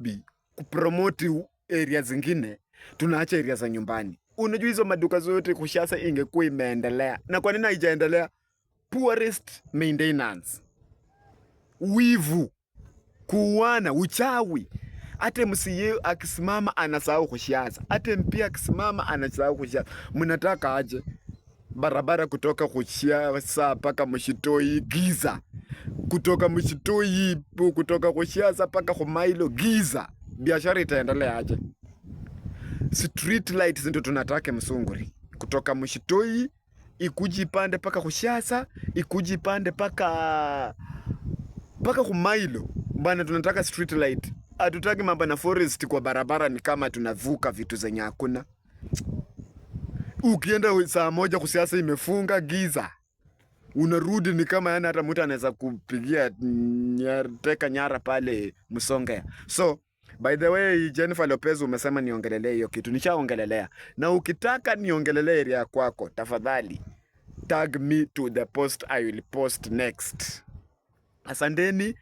bi kupromoti area zingine, tunaacha area za nyumbani. Unajua hizo maduka zote Kushasa ingekuwa imeendelea, na kwa nini haijaendelea? Poorest maintenance, wivu, kuuana, uchawi. Hata msiye akisimama anasahau Kushasa, hata mpia akisimama anasahau Kushasa. Mnataka aje barabara kutoka Kushasa mpaka Mshitoi giza kutoka mshitoi ipo kutoka kushiasa paka kumailo giza, biashara itaendelea aje? Street light ndio tunatake msunguri, kutoka mshitoi ikuji pande paka kushiasa ikuji pande paka paka kumailo bana, tunataka street light. atutaki mambo na forest kwa barabara, ni kama tunavuka vitu zenye hakuna. Ukienda saa moja kusiasa imefunga giza unarudi ni kama yani hata mtu anaweza kupigia teka nyara pale Msongea. So by the way, Jennifer Lopez umesema niongelelee hiyo kitu, nishaongelelea. Na ukitaka niongelelee area kwako, tafadhali tag me to the post, I will post next. Asanteni.